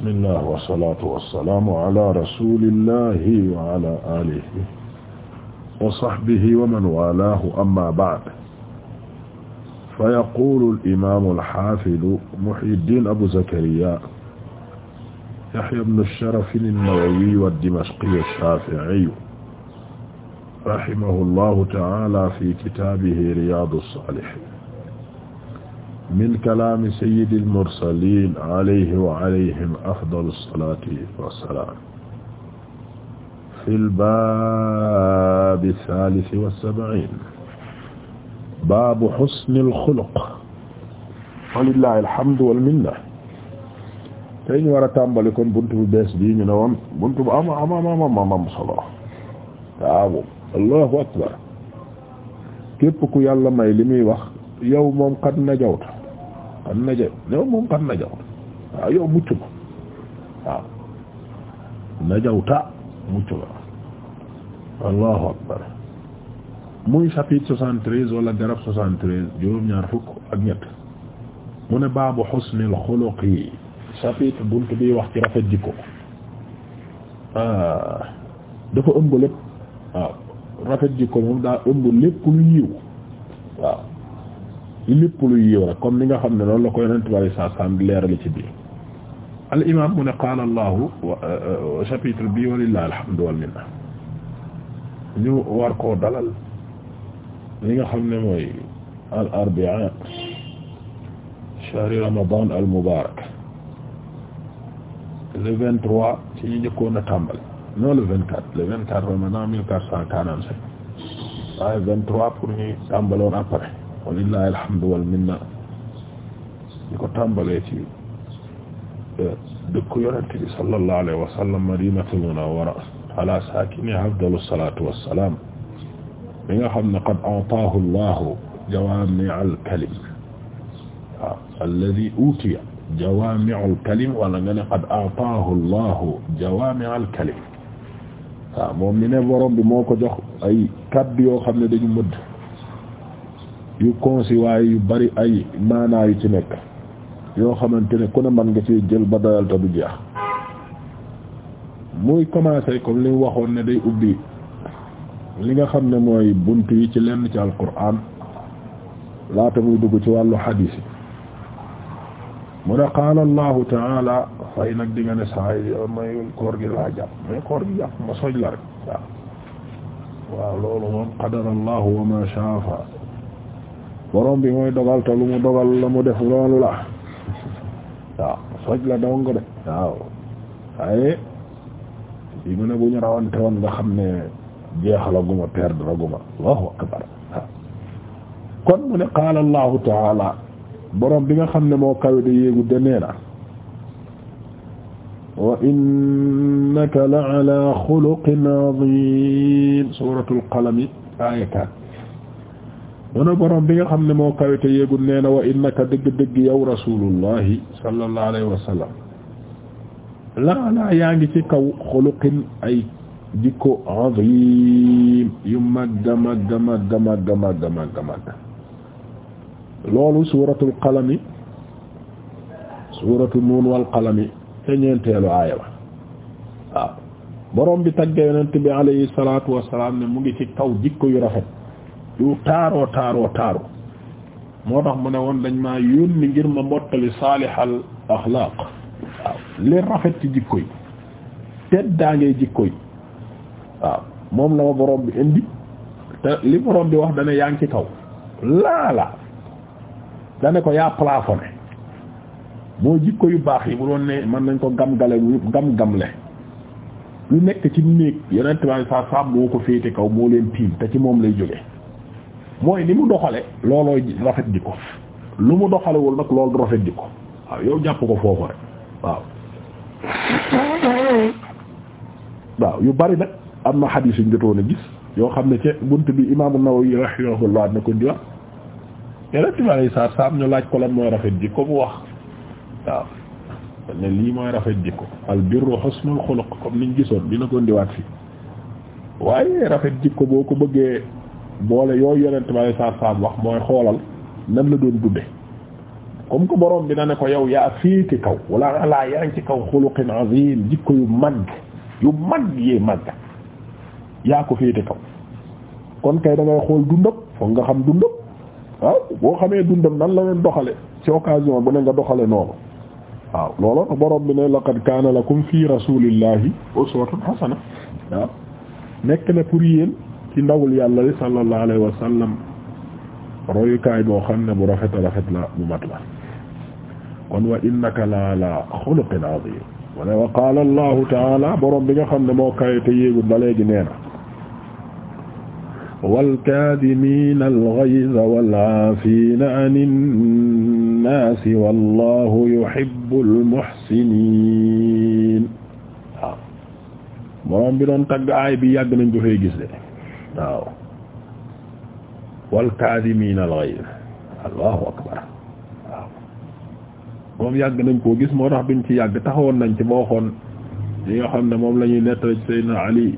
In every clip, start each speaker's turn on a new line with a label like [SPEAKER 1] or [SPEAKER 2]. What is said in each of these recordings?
[SPEAKER 1] bismillah wasalaatu wasalaamu ala rasulillahi wa ala alihi wa sahbihi wa man walaahu amma ba'd fa yaqulu al-imaamu al-haafidu Muhyiddin Abu Zakariya Yahya ibn Sharaf an-Nawawi ad-Dimashqi ash-Shaafi'i rahimahu llahu ta'aala fi kitaabihi Riyaadu s-Saalihiin min kalaami sayyidil mursaliin alayhi wa alayhim afdalu salaati wa salaam fil baabi saalisi wa sab'iin baabu husnil xuluq walillaahi alhamdu wal minna tey ñu war a tàmbali kon buntu bu bees bii ñu ne woon buntu bu am am am am solo waaw allahu akbar képp ku yàlla may li muy wax yow moom kat najawta xan na jaw yow moom xan na jaw yow mucc ma waaw na ta mucc ma allahu akbar muy chapitre soixante-treize wala garab soixante-treize juróom-ñaar fukk ak ñett mu ne baabu xusnil xuluqi chapitre bunt bi wax ci rafet jikko ah, dafa ëmb lépp rafet jikko moom daa ëmb lépp lu yiw waaw lépp luy yiw rek comme ni nga xam ne noonu la ko yonent bi saa saam di leerali ci biir al imam mu ne qaala allahu euh, euh, chapitre bi walillahi alhamdu wal minna ñu war koo dalal li nga xam ne mooy al arbi'a shahri ramadan al mubarak le ñu njëkkoon a tàmbali non le vingt quatre ramadan mille quatre cent quarante cinq waaye vingt trois pour ñuy tàmbaloon walillahi alhamdu wal minna di ko tàmbalee ci e, dëkk yonent bi sallallahu alayhi wa sallam madinatul munawwara ala saakini afdalu salaatu wassalaam mi nga xam ne qad ataahu allahu jawaami'al kalim waaw alladhi utiya jawaami'ul kalim wala nga ne qad ataahu allahu jawaami'al kalim waaw moom mi ne borom bi moo ko jox ay kàddu yoo xam ne dañu mëdd yu concis waaye yu bari ay maanaa yu ci nekk yoo xamante ne ku ne mën nga ci jël ba doyal te du jeex muy commencer comme li mu waxoon ne day ubbi li nga xam ne mooy bunt yi ci lenn ci alquran laata muy dugg ci wàllu xadiis yi mu ne qaala allahu taala fay nag di nga ne saay mayul koor gi laa jàpp mais koor gi jàpp ma soj la rek waaw loolu moom qadara allahu wa ma shafa borom bi mooy dogal te lu mu dogal la mu def loolu la waaw la dongo de waaw waaye yi mu ne bu ñu rawante woon nga xam ne jeexala guma perdre guma allahu akbar kon mu ne qaala allahu taala borom bi nga xam ne moo kawe de yéegu de nee na wa innaka la ala xuluqin azim suratul qalami ayakat mën a borom bi nga xam ne moo kawite yéegul nee na wa innaka dëgg-dëgg yow rasulullahi sallallahu alayhi wa sallam laa laa yaa ngi ci kaw xuluqin ay jikko azim yu magga magga magga magga magga magga magga loolu suuratul qalami suuratu nuun wal qalami te ñeenteelu aaya ba waaw borom bi tagge yonent bi alayhi salaatu wassalaam ne mu ngi ci kaw jikko yu rafet taaroo taaroo taaru moo tax mu ne woon dañ maa yónni ngir ma mottali saalihal axlaaq waaw li rafet ci jikko yi teddaa ngay jikko yi waaw moom la ma borom bi indi te li borom bi wax dana yaa ngi ci kaw laa la dane ko yaa plafonné moo jikko yu baax yi bu doon ne mën nañ ko gam-gale gam-gamle lu nekk ci néeg yonent bi saa saa boo ko féete kaw moo leen tiim te ci moom lay jóge mooy ni mu doxale loolooy rafet jikko lu mu doxalewul nag loolu rafet jikko waaw yow jàpp ko foofu rek waaw yu bari nag am na xadiis yu jotoon a gis yoo xam ne ci bunt bi imaamu Nawawi rahimahullah ne ko diwax yeneen tubaab yi saa saam ñu laaj ko lan mooy rafet jikko bu wax waaw ne lii mooy rafet jikko al birru husnul xuluq comme niñ gisoon dina ko ndiwaat fi waaye rafet jikko boo ko bëggee. boole yooyu yonent bi saa saam wax mooy xoolal nan la doon dundee comme que borom bi na ne ko yow yaa féete kaw wala ala yaa ci kaw xuluqin azim jikko yu mag yu màgg yee màgg yaa ko féete kaw kon kay da xool dundam foog nga xam dundam waaw boo xamee dundam nan la doon doxale ci occasion bu ne nga doxale noonu waaw looloo tax borom bi ne laqad kaana lakum fi rasulillahi uswatun hasana waaw nekk na pour yéen. ci ndawul yàlla li sallallahu alayhi wa sallam royukaay boo xam ne bu rafet a rafet la bu mat la kon wa innaka la ala xuluqin azim wala wa qaala allahu taala borom bi nga xam ne moo kawe te yéegul ba léegi nee na walkaadimiina alghayza wal aafiina anin naasi wallahu yuhibbul muhsiniin waaw borom bi doon tagg aay bi yàgg nañ ko fay gis de waaw wal kaadimiina al ghayz allahu akbar waaw moom yàgg nañ koo gis moo tax duñ ci yàgg taxawoon nañ ci boo xoon li nga xam ne moom la ñuy nettali Seydina Ali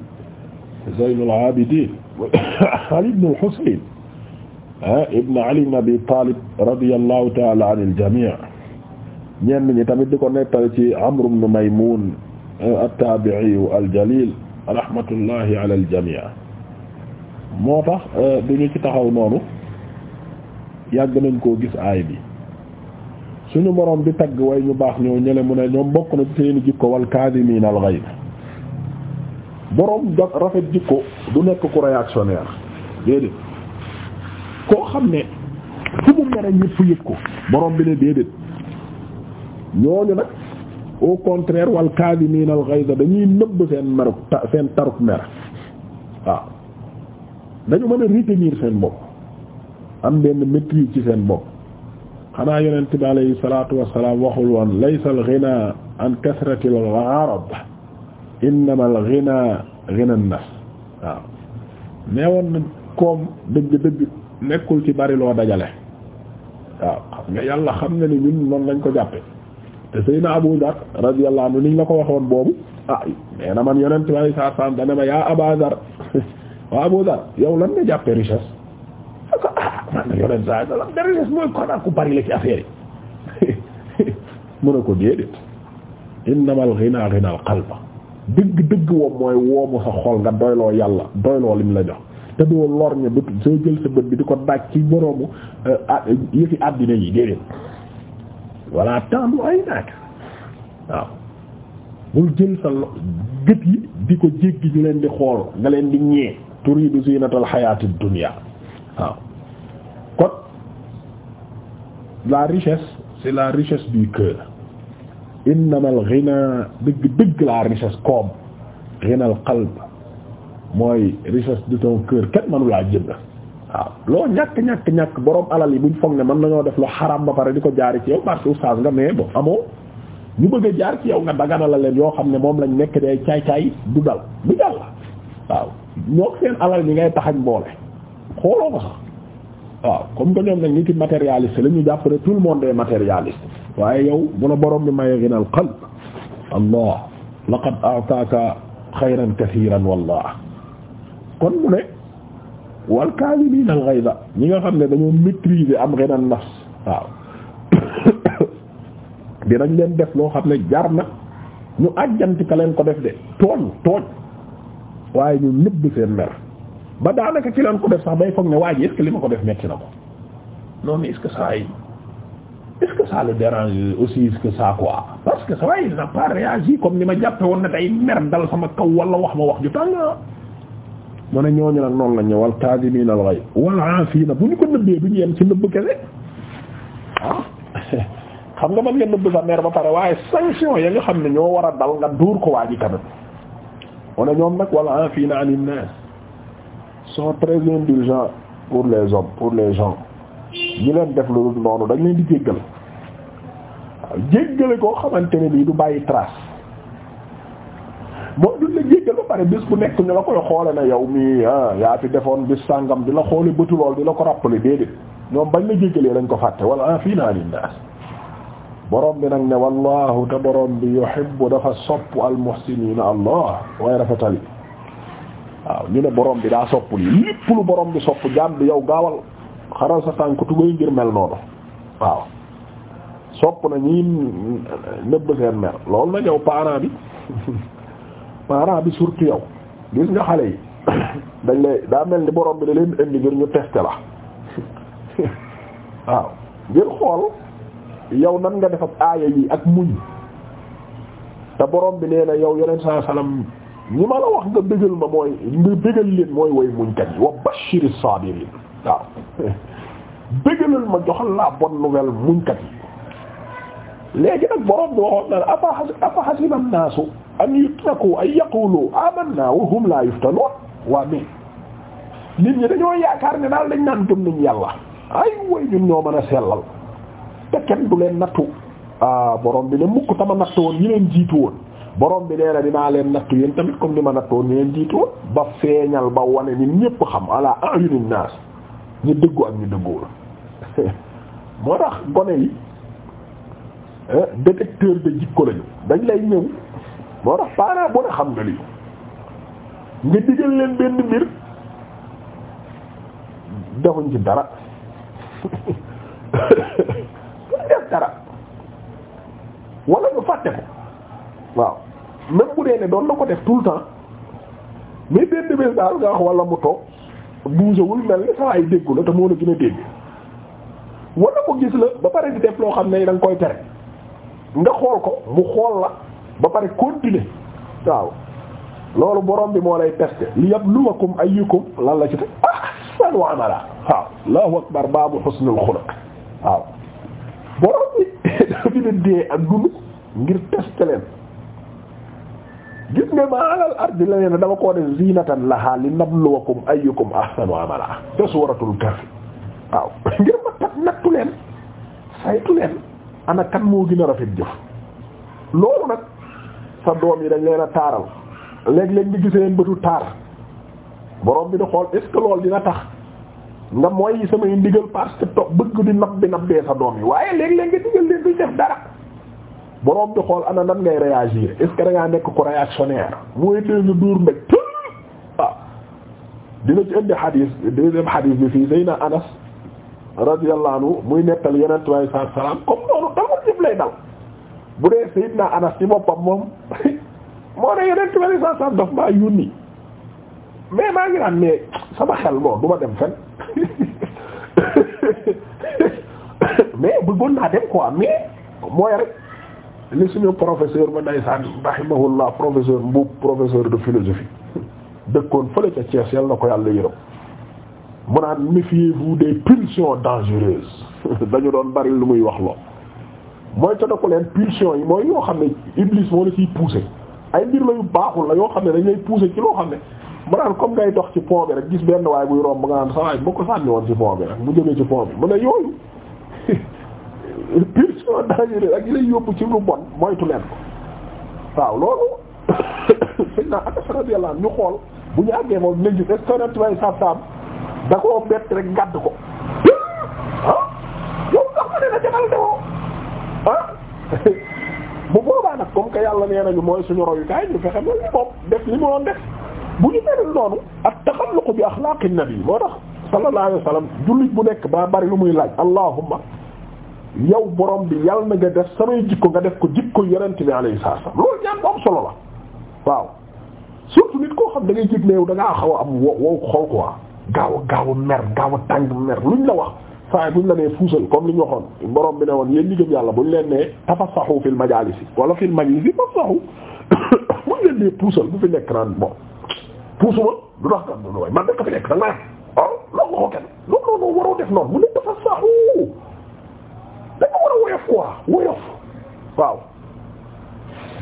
[SPEAKER 1] Zaynul Abidin Ali ibn al-Husayn ah, ibn Ali ibn Abi Talib radiyallahu ta'ala anil jami' ñenn ñi tamit di ko nettali ci Amr ibn Maymun ah, at-Tabi'i al-Jalil rahmatullahi ala al-jami' moo tax euh, duñu ci taxaw noonu yàgg nañ koo gis aay bi suñu moroom di tagg way ñu baax ñoo ñële mu ne ñoom bokk na seeni jikko wal kaadimiin al ghayb borom jot rafet jikko du nekk ku réactionnaire déedéet koo xam ne fu mu mere ñëpp yëg ko boroom bi ne déedéet ñooñu nag au contraire wal kaadimiin al ghayb dañuy nëbb seen meruk seen taruk mer waaw dañu mën a retenir seen bopp am benn maîtrise ci seen bopp xanaa yonent bi alayhi salaatu wassalaam waxul woon laysa al ghina an kasrati al gharab innama al ghina ghina an nas waaw nee woon na koom dëgg-dëgg nekkul ci bari dajale waaw yàlla xam nga ni ñun noonu lañ ko jàppe te Seydina Abu Dar radiyallahu anhu niñ la ko waxoon boobu ah nee na man yonent bi alayhi salaatu wassalaam dana ma yaa Aba waaw Abu yow lan nga jàppee richesse aka ah, ah, ah man ko yonen sa salam da mooy bari la ci affaire yi a ko déedéet innamal ghina ghina al dëgg dëgg woom mooy woomu sa xol nga doyloo yàlla doyloo lim la jox te doo lorñe bët soo jël sa bët bi di ko daaj ci boroomu euh, yëfi àddina yi déedéet walla tàmbu ay naak waaw bul jël sa gët yi di ko jéggi ñu leen di xool nga leen di ñee turidu zinatal xayaati dunya waaw kon la richesse c'est la richesse du cœur innamal ghina dëgg dëgg la richesse koom ghinal qalb mooy richesse de ton cœur kenn mënu laa jënd waaw loo ñàkk ñàkk ñàkk borom alal yi buñ foog ne mën nañoo def lu xaram ba pare di ko jaari ci yow parce que oustaz nga mais bon amoo ñu bëgg jaar ci yow nga dagana la leen yoo xam ne moom lañ nekk day caay caay du dal du dal la waaw moo seen alal ñi ngay taxañ boole xooloo ko sax waaw comme que ñoom nag nit yi matérialiste la ñu jàpp ne tout le monde est matérialiste waaye yow bu la borom bi maye gënal qalb allah laqad a'taaka xayran kathiran wallah kon mu ne wal kaazimiina ñi nga xam ne dañoo maîtriser am ghinan nafs waaw dinañ leen def loo xam ne jar na ñu àjjanti ka leen ko def de tooñ tooñ waaye ñun ñëpp du seen mer ba daanaka ki leen ko def sax day foog ne waa ji est li ma ko def metti na ko non mais est-ce que ça est-ce aussi est-ce quoi parce que ça va n'a pas réagi comme ni ma jàppe woon na day mer dal sama kaw walla wax ma wax ju tànga mu ne ñooñu nag noonu la ñu wal kaadimiina al ghayb wal aafiina bu ñu ko nëbbee du ñu yem ci nëbb kese ah xam nga mën nga nëbb sa mer ba pare waaye sanction ya nga xam ne ñoo war a dal ko waa ji mu ne ñoom nag wala afina anin nas sont très indulgents pour les hommes pour les gens ñi leen def lu noonu dañ leen di jéggal waaw jéggale koo xamante ne bii du bàyyi trace moo duñ la jéggal ba pare bis bu nekk ñu la koy xoole na yow mi ah, yaa fi defoon bis sàngam di la xoole bëtu lool di la ko rappeler déedéet ñoom bañ la jéggalee lañ ko fàtte wala afina anin nas borom bi nag ne wallahu te borom bi yuhibbu dafa sopp almuhsiniina allah way rafetali waaw ñu ne borom bi daa sopp lii lépp lu borom bi sopp jaam bi yow gaawal xaral sa tànk tugay ngir mel noonu waaw sopp na ñi nëbb seen mer loolu nag yow parent bi parent bi surtout yow gis nga xale yi dañ lay daa mel ni borom bi da leen indi ñu tester la waaw ngir xool yow nan nga def ak aaya yi ak muñ te boroom bi nee na yow yeneen saa salaam ñi ma la wax nga bégal ma mooy nga bégal leen mooy way muñkat yi wa bashiri saabiriin waaw bégalal ma joxal la bonne nouvelle muñkat yi léegi nag borom bi waxoon na afa hasiba an-naasu an yutraku an yaqulu amanna wa hum la yuftanuun waa mais nit ñi dañoo yaakaar ne daal dañ naan gëm nañ yàlla ay way ñun ñoo mën a sellal te kenn du leen nattu ah bi ne mukk tama nattu woon ñi leen jiitu woon borom bi nee na dinaa leen nattu yéen tamit comme ni ma nattu woon ñi leen jiitu woon ba feeñal ba wane ni ñépp xam ala ayunin naas ñu dëggu ak ñu dëgguwul moo tax gone yi eh, détecteur de jikko lañu dañ lay ñëw moo tax parent bu ne xam nga lii nga digal leen benn mbir defuñ ci dara def dara wala ñu fàtte ko waaw même bu dee ne doon la ko def tout le temps mais benn bés daal nga wax wala mu toog buusewul mel ni saa ay déggu te moo la gën a dégg wala ko gis la ba pare di def loo xam ne da koy tere nga xool ko mu xool la ba pare continuer waaw loolu borom bi moo lay testé li yabluwakum ayyukum lan la ci teg ah san waamala waaw allahu akbar baabu husnul xuluq borom bi dafa fi leen dee ak dund ngir teste leen gis nga ma alal ardi la leen dama koo def zinatan laha li nabluwakum ayyukum ahsanu amala te suratul kahf waaw ngir ma tat nattu leen saytu leen ana moo gën a rafet jëf loolu nag sa doom yi dañ leen a taaral léeg-léeg ñu gisee bëtu taar borom bi di xool est ce dina tax nga mooy samay ndigal parce que toog bëgg di nab bi nabbee sa doom yi waaye léeg-léeg nga digal leen duñ def dara borom bi xool ana nan ngay réagir est ce que nekk ko réactionnaire mooy dégg nga duur mbéj ah dina ci indi xadiis deuxième xadiis bi fii Seydina Anas radiyallahu muy nettal yeneen tubaab saa salaam comme noonu dawul jëf lay dal bu dee Seydina Anas ci boppam moom moo ne yeneen tubaab saa salaam daf maa yónni mais maa ngi naan mais sama xel bon du mais bëggoon naa dem quoi mais mooy rek li suñu professeur ba ndeysaan rahimahullah professeur Mbuub professeur de philosophie dëkkoon fële ca Thiès yal na ko yàlla yërëm mu naan méfiez-vous des pulsions dangereuses dañu doon bari lu muy wax loo mooy ca ko leen pulsions yi mooy yoo xam ne Iblis moo la ciy pousser ay mbir ma yu baaxul la yoo xam ne dañ lay pousser ci loo xam ne mu naan comme ngay dox ci pont rek gis benn waay buy romb nga naan sa waay boo ko sànni woon ci pont bi rek mu jógee ci pont bi mu ne yooyu pulsion dangereuse ak yi lay ñu xool bu ñu àggee moom dinañ gis external way saab-saab da ah! ne la jamal dewoo ah bu boobaa nag comme que yàlla nee nañu mooy suñu royukaay ñu fexe moom def li mu def bu ñu mel noonu ak taxalluq bi axlaaqi nabi moo tax sallallahu alayhi wa sallam jullit bu nekk ba bari lu muy laaj allahumma yow borom bi yal na nga def samay jikko nga def ko jikko yonent bi alayhi salaam loolu ñaan bu am solo la waaw surtout nit koo xam da ngay jig ne yow da ngaa xaw a am wow wow xol quoi gaaw a gaaw a mer gaaw a tàng mer luñ la wax saa buñ la nee fuusal comme li ñu waxoon borom bi ne woon yéen ñi gëm yàlla buñ leen nee tafassahu wala fil majlisi tafassahu buñ leen nee nekk naan puusuma du tax du doy man dëkk fi nekk danga naa oh ah, loolu moo ko kenn non waroo def noonu mu nekk dafa saxu dafa war a woyof quoi woyof waaw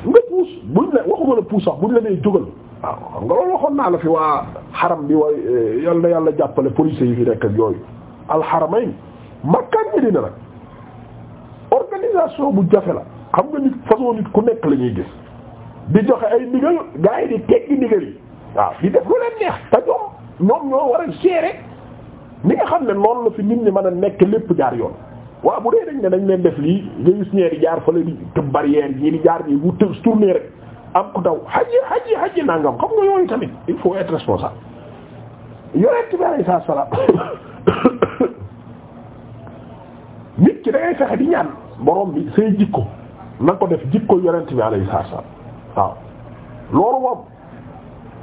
[SPEAKER 1] nga puus buñ la waxuma la puus sax buñ la nee jógal waaw ah, nga loolu waxoon naa la fi waa xaram bi waaye eh, yal na yàlla jàppale police yi fi nekk yooyu alxaramayn makkaan mi dina nag organisation bu jafe la xam nga nit façon nit ku nekk lañuy gis di joxe ay ndigal gaa yi di teggi ndigal yi waaw di def lu leen neex te ñoom ñoom ñoo war a gérer ni nga xam ne noonu la fi nit ñi mën a nekk lépp jaar yoon waaw bu dee dañ ne dañ leen def lii nga gis ñee di jaar fële di tëb barrière ñi di jaar ñii wut tourner rek am ku daw xaji xaji xaji nangam xam nga yooyu tamit il faut être responsable yonent bi alayhi salaam nit ki da fexe di ñaan borom bi say jikko na ko def jikko yonent bi alayhi salaam waaw loolu moom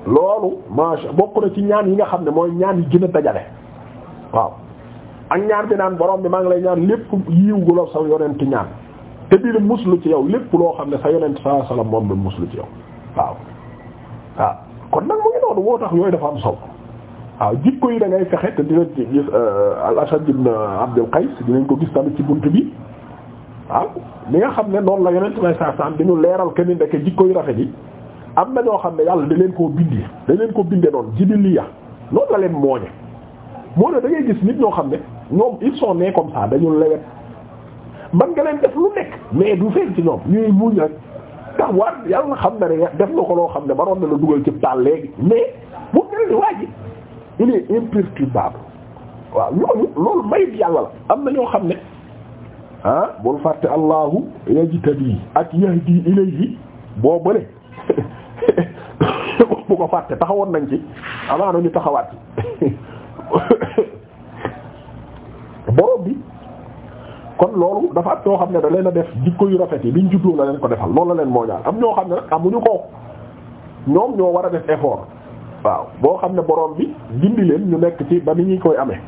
[SPEAKER 1] loolu ma bokk na ci ñaan yi nga xam ne mooy ñaan yi gën a dajale waaw ak ñaan bi naan borom bi maa ngi lay ñaan lépp yiw gu la sa yonent ñaan te dina muslu ci yow lépp loo xam ne sa yonent sa salaam moom la ci yow waaw nag mu ngi noonu woo tax am solo waaw jikko da ngay fexe te dina gis euh, al Abdul Qais dinañ ko gis tamit ci bunt bi waaw ni nga xam ne noonu la yonent may saa saam di ñu leeral kenn ndeke jikko yu rafet yi am na ñoo xam ne yàlla da leen koo bindee da leen ko bindee doon jibiliya noonu la leen mooñe moo ne da ngay gis nit ñoo xam ne ñoom ils ne nés comme ça dañu lewet man nga leen def lu nekk mais du feeñ ci ñoom ñuy muñ rek tax war yàlla xam na ne def na ko loo xam ne baroon na la dugal ci taal léegi mais bu mel ni waa ji il est imperturbable waaw ñooñu loolu mayut yàlla la am na ñoo xam ne ah bul fàtte allahu yajtabi ak yahdi ilayhi boo bële bu ko fàtte taxawoon nañ ci amaana ñu taxawaat ci borom bi kon loolu dafa am ñoo xam ne da leen a def jikko yu rafet yi biñ juddoo la leen ko defal loolu la leen moo ñaar am ñoo xam ne nag amuñu ko ñoom ñoo war a def effort waaw boo xam ne borom bi dindi leen ñu nekk ci ba ni ñu koy amee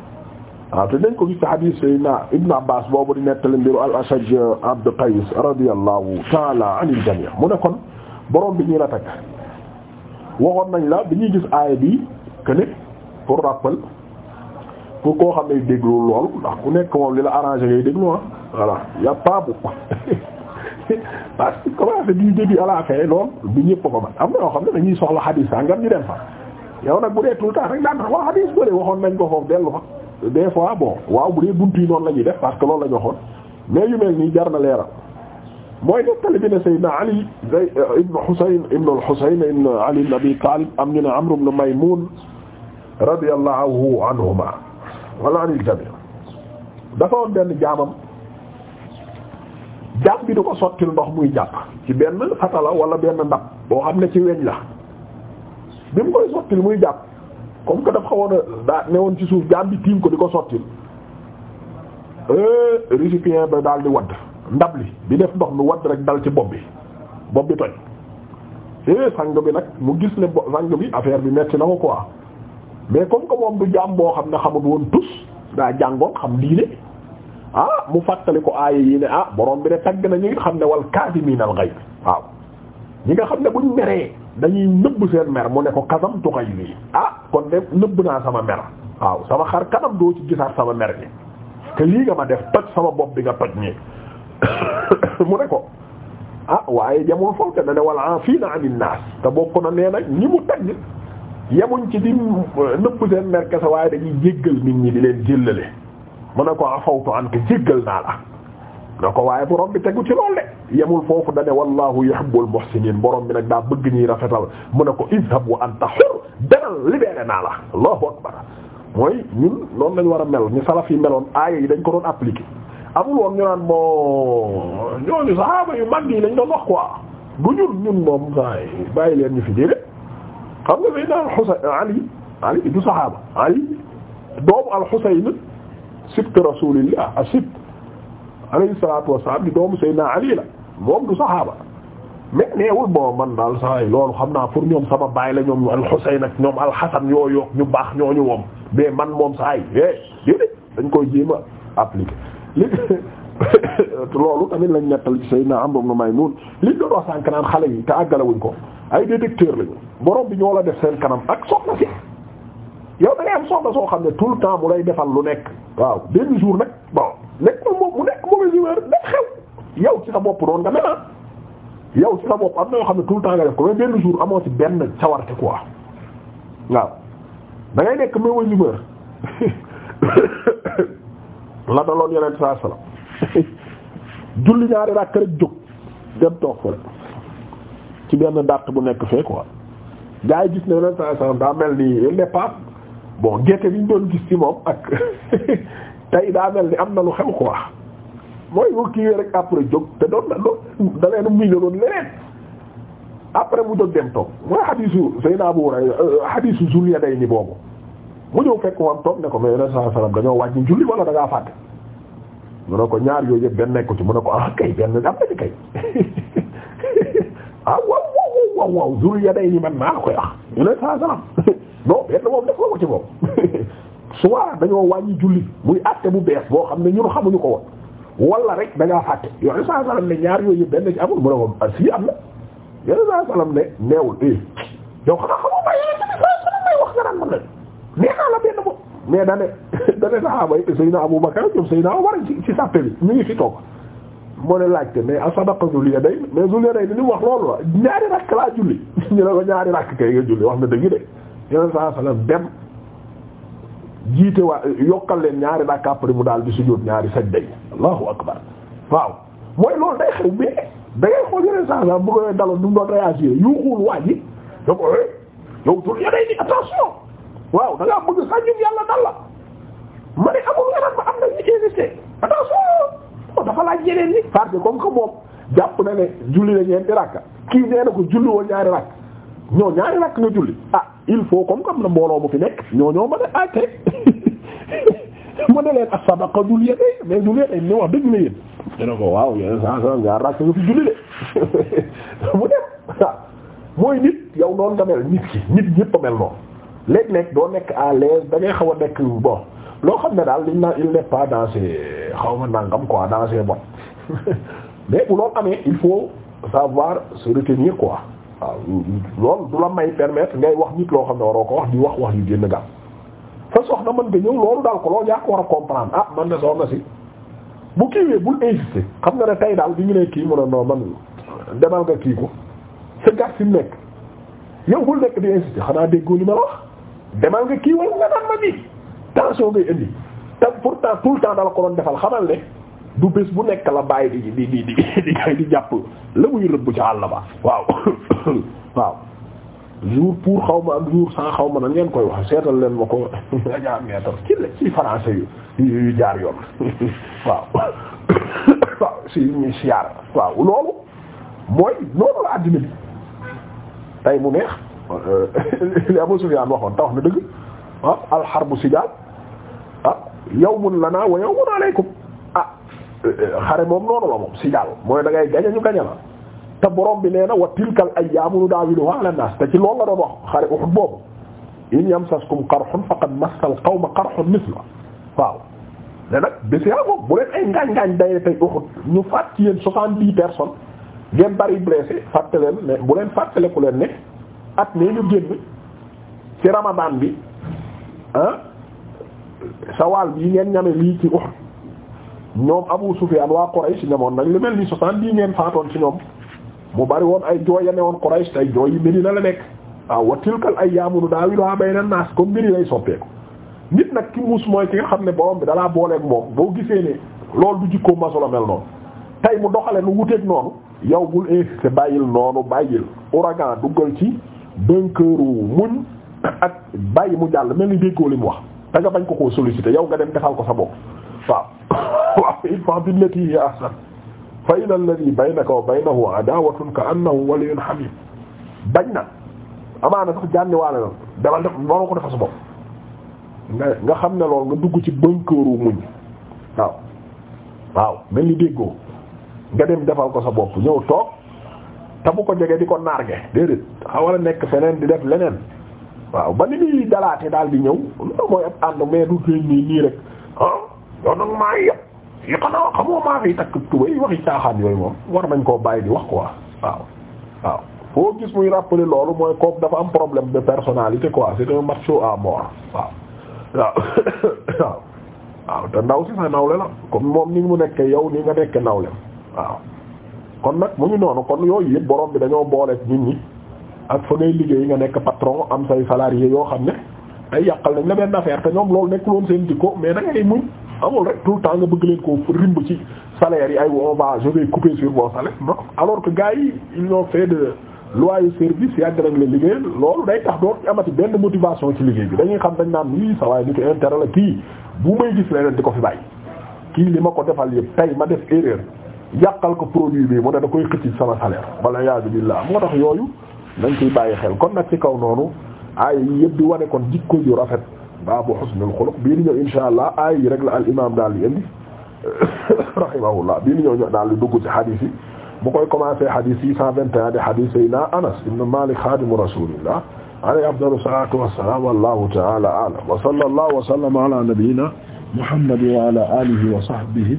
[SPEAKER 1] waaw te dañ ko gis ci hadith Seydina Ibn Abbas boobu di nettali mbiru al-Ashaj Abd Qais radiyallahu ta'ala anil jami' mu ne kon borom bi ñuy la takk waxoon nañ la bi ñuy gis aaya bi que ne pour rappel pour koo xam ne déglu lool ndax ku nekk moom li la arrangé ngay déglu ah voilà y a pas beaucoup parce que commencé du ñëpp ko man am na xam ne dañuy soxla xadiis sangam ñu dem fa. yow nag bu dee tout le temps rek daan tax waa xadiis bële waxoon nañ ko foofu dellu fa des fois bon waaw bu dee buntu yi noonu la ñuy def parce que loolu la ñu waxoon mais yu mel nii jar na leeral. mooy nettali bi ne Ali euh, ibn ibn al ibn Ali ibn Abi Talib am ñu ne Amr ibn Maymun radiyallahu anhuma wala anil jami dafa woon benn jaamam jaam bi du ko sottil ndox muy jàpp ci ben fatala wala benn ndab boo xam ne ci weñ la bi mu koy sottil muy jàpp comme que dafa xawoon a daa ne woon ci suuf jaam bi tiim ko di ko sottil eh, récipient ba daal di wadd ndab li bi def ndox mi wadd rek dal ci bopp bi bopp bi toj eh sang bi nag mu gis ne sang bi affaire bi metti na ko quoi mais comme que moom du jaam boo xam ne xamut woon tus daa jàngoon xam diine ah mu fàttali ko aaya yi ne ah borom bi de tagg na ñi nga xam ne wal kaasimiina al waaw ñi nga xam ne buñ meree dañuy nëbb seen mer mu ne ko kasam tuxay lii ah kon de nëbb naa sama mer waaw sama xar kanam doo ci gisaat sama mer gi te lii nga ma def toj sama bopp bi nga mu ne ko ah waaye jamul foofu dana ne wal aafina anin naas te bokk na nee nag ñi mu tagg yemuñ ci di nëpp seen mer kese waaye dañuy jéggal nit ñi di leen jéllale mu ne ko afawtu anka jéggal naa la na ko waaye borom bi tegu ci loolu de yemul foofu da ne wallahu yuhibbul muhsinin borom bi nag daa bëgg ñuy rafetal mu ne ko izhab wa anta hur li libéré naa la allahu akbar mooy ñun noonu lañ war a mel ñu salaf fii meloon aaya yi dañ ko doon appliquer amul woon ñu naan moo ñooñu saxaaba yu mag yi lañ doon wax bu ñun ñun moom saa bàyyi leen ñu fi déedéet xam nga fay naan Husayn Ali Ali du saxaaba Ali doomu al-Husayn sibt Rasulillah asibt alayhi salaatu wassalaam di Ali la moom du saxaaba mais neewul bon man daal saa loolu xam naa pour ñoom sama baay la ñoom al-Husayn ak ñoom al-Hasan yoo ñu baax ñooñu woom mais man moom saa yi eh déedéet dañ koy jéem li loolu tamit lañ nettal ci Seydina Amr ibn Maymun liñ doon wax sànq naan xale yi te àggalewuñ ko ay détecteur lañu borom bi ñoo la def seen kanam ak soxna si yow da ngay am soxna soo xam ne tout le temps mu lay defal lu nekk. waaw benn jour nag bon nekkul moom mu nekk mauvais humeur day xew yow ci sa bopp doon nga mel ah. yow ci sa bopp am na yoo xam ne tout le temps nga def ko benn jour amoo ci benn sawarte quoi waaw da ngay nekk mauvais humeur. la daloon yeneen saa salaam julli ñaari ràkk rek jóg dem toog fële ci benn dàtt bu nekk fee quoi gaa yi gis ne yeneen saa daa mel ni il n'est bon gerte bi doon moom ak tey daa mel ni am na lu xew quoi mooy boo kiiwee rek après jóg te doon na doon da leen mu doon leneen après mu jóg dem toog mooy xadiisu Seydina Abu Hurayra xadiisu euh, Zul Yadayni boobu. mu ñëw fekk woon toog ne ko mais yeneen saa salaam dañoo wàññi julli wala da ngaa fàtte. mu ko ñaar yooyu yëpp benn nekku ci mu ne ko ah kay benn am na ci kay ah waaw waaw waaw waaw zul yaday ni man maa la koy wax yeneen saa salaam non benn moom def ko ci moom. soit dañoo wàññi julli muy àtte bu bees boo xam ne ñun xamuñu ko woon wala rek da ngaa fàtte yeneen saa ne ñaar yooyu yëpp benn ci amul mu ne ko ah, si am ne neewul eh yow mais dane dane saxaaba yi Seydina Abu Bakar ñoom Seydina Umar ci ci sàppe bi ñu ngi fi toog moo ne laajte mais asadaka Zul Yadayn mais Zul Yadayn ni wax loolu la ñaari rakk laa julli ñu la ko ñaari rakk kay nga julli wax na dëgg de yeneen yokkal leen ñaari rakk après mu daal di sujjóot ñaari sajda yi allahu akbar waaw mooy loolu day xew mais da ngay xool yeneen saa sallam bu ko daloon du mu doon réagir yuuxuwul waa ji da ko eh, yow Zul Yadayn waaw da ngaa bëgg saññu yàlla dal ma ne amul nga ma am na ñu insisté attention oh, dafa laaj yeneen ni parce que comme que moom jàpp na ne julli la ñeenti rakka kii nee na ko julli woon ñaari rakk ñoo ñaari rakk nga julli ah il faut comme comme na mbooloo bu fi nekk ñoo ñoo ma ne ah tey mu ne leen as-sabaqa dul yéene mais dul yéene ni wax dëgg na yéen. dina ko waaw yéen sans sans ñaar rakk nga fi julli de mu dem ah, nit yow noonu nga mel nit nit ñépp a mel noonu. léeg-léeg doo nekk à l'aise da ngay xaw a nekk bon loo xam ne daal liñ naan il n'est pas dans ses xaw ma nangam quoi dans ses bottes mais bu loolu amee il faut savoir su retenir quoi waaw loolu du la may permetre ngay wax nit loo xam ne waroo ko wax di wax wax yu génn gàll. sa na mën nga ñëw loolu daal ko loolu yaa ko war a comprendre ah man de soxna si bu kiiwee bul insister xam nga ne tey daal bi ñu ne kii mu ne non man demal nga kii ko sa gàtt si nekk yow bul di xanaa déggoo li ma wax. demal nga kii wala nga naan ma nii tension ngay indi te pourtant tout le temps dala ko doon defal xamal ne du bés bu nekk la bàyyi di di di di di di jàpp la muy rëbb ca àll ba waaw waaw jour pour xaw ma ak jour sans xaw ma na ngeen koy wax seetal leen ma ko ajaa meetar ci la ci jaar yoon waaw waaw si ñuy siyaar waaw loolu mooy noonu la àddina bi tey mu neex Euh, li Abu Sufyaan waxoon tax na dëgg ah alxarbu sijaal ah yawmun lanaa wa yawmun alaykum ah xare moom noonu la moom sijaal mooy da ngay gañe ñu gañe la te borom bi nee na wa tilkal ayyaamu nudaawiluhaa ala naas te ci loolu la doon wax xare Uhud boobu in yamsaskum qarhun faqad massal qawma qarhun mithluhu waaw ne nag bés yaa moom bu leen ay ngaañ-ngaañ day tey Uhud ñu faat ci yéen soixante-dix personnes ngeen bari blessé fàtte leen ne bu leen fàttaleku leen ne at nee ñu génn ci ramadan bi ah sawaal bi ngeen ñame lii ci Uhud ñoom Abu Sufyan waa Quraysh ñamoon nañ lu mel ni soixante dix ngeen faatoon ci ñoom mu bari woon ay jooy ya ne woon Quraysh te ay jooy yi Medina la nekk waaw ah, wa tilkal ayyaamu nudaawiluhaa bayna naas comme mbiri lay soppeeku nit nag ki muus mooy ki nga xam ne borom bi dalaa booleeg moom boo gisee ne loolu du jikkoo masula mel noonu tey mu doxale nu wuteeg noonu yow bul insisté bàyyil noonu bàyyil bënkëru muñ ak bàyyi mu jàll mel ni déggoo li wax da nga bañ ko koo solliciter yow nga dem defal ko sa bopp waaw waaw idfa billati hiya ahsan fa ila alladhi baynaka wa baynahu adawatun ka annahu na amaana sax jànniwaale la demal def noonu ko defal nga xam ne nga dugg ci bënkëru muñ waaw waaw mel ni déggoo nga dem defal ko sa bopp ñëw toog tamu ko jege di ko narge déedéet xawal a nekk feneen di def leneen waaw ba ni muy dalaate daal di ñëw loolu mooy ab ànd mais du tee nii nii rek ah yow nag maa yëpp yëpp xanaa xamoo maa fi takk tubay waxi caaxaan yooyu moom war nañ koo bàyyi di wax quoi waaw waaw loolu mooy kooku dafa am problème de personnalité quoi c'est un macho à mort waaw te ndaw si sa nawle la comme moom ni mu nekkee yow ni nga nekkee nawlem waaw kon nag mu ngi noonu kon yooyu yëpp borom bi dañoo boole nit ñi ak fa ngay liggéey nga nekk patron am say salarié yoo xam ne ay yàqal nañ la benn affaire te ñoom loolu nekk woon seen ko mais da ngay muñ amul rek tout le temps nga bëgg leen ko rimb ci salaire yi ay on va je vais couper sur vos salaires non alors que gars yi ils ont fait de loyer service yàgg nañ la liggéey loolu day tax doo amati benn motivation ci liggéey bi dañuy xam dañ naan lii sa waay la kii bu may di ko fi bàyyi kii li ma ko defal yëpp tey ma def erreur yàqal ko produit bi mu ne da koy xëcc sama salaire wala yaabi billah moo tax yooyu dañ ciy bàyyi xel kon nag ci kaw noonu aaya yi di wane kon jikko yu rafet baabu husnul xuluq bii di ñëw insha allah aaya yi rek la al imam daal di indi rahimahullah bii di ñëw ño daal di dugg ci hadis yi mu koy commencé hadis six cent vingt et un di hadis sayna anas ibn malik xadimu rasulillah alayhi afdalu salatu wassalam wallahu ta'ala a'lam wa sallallahu wa sallama ala nabiyyina muhammad wa ala alihi wa sahbihi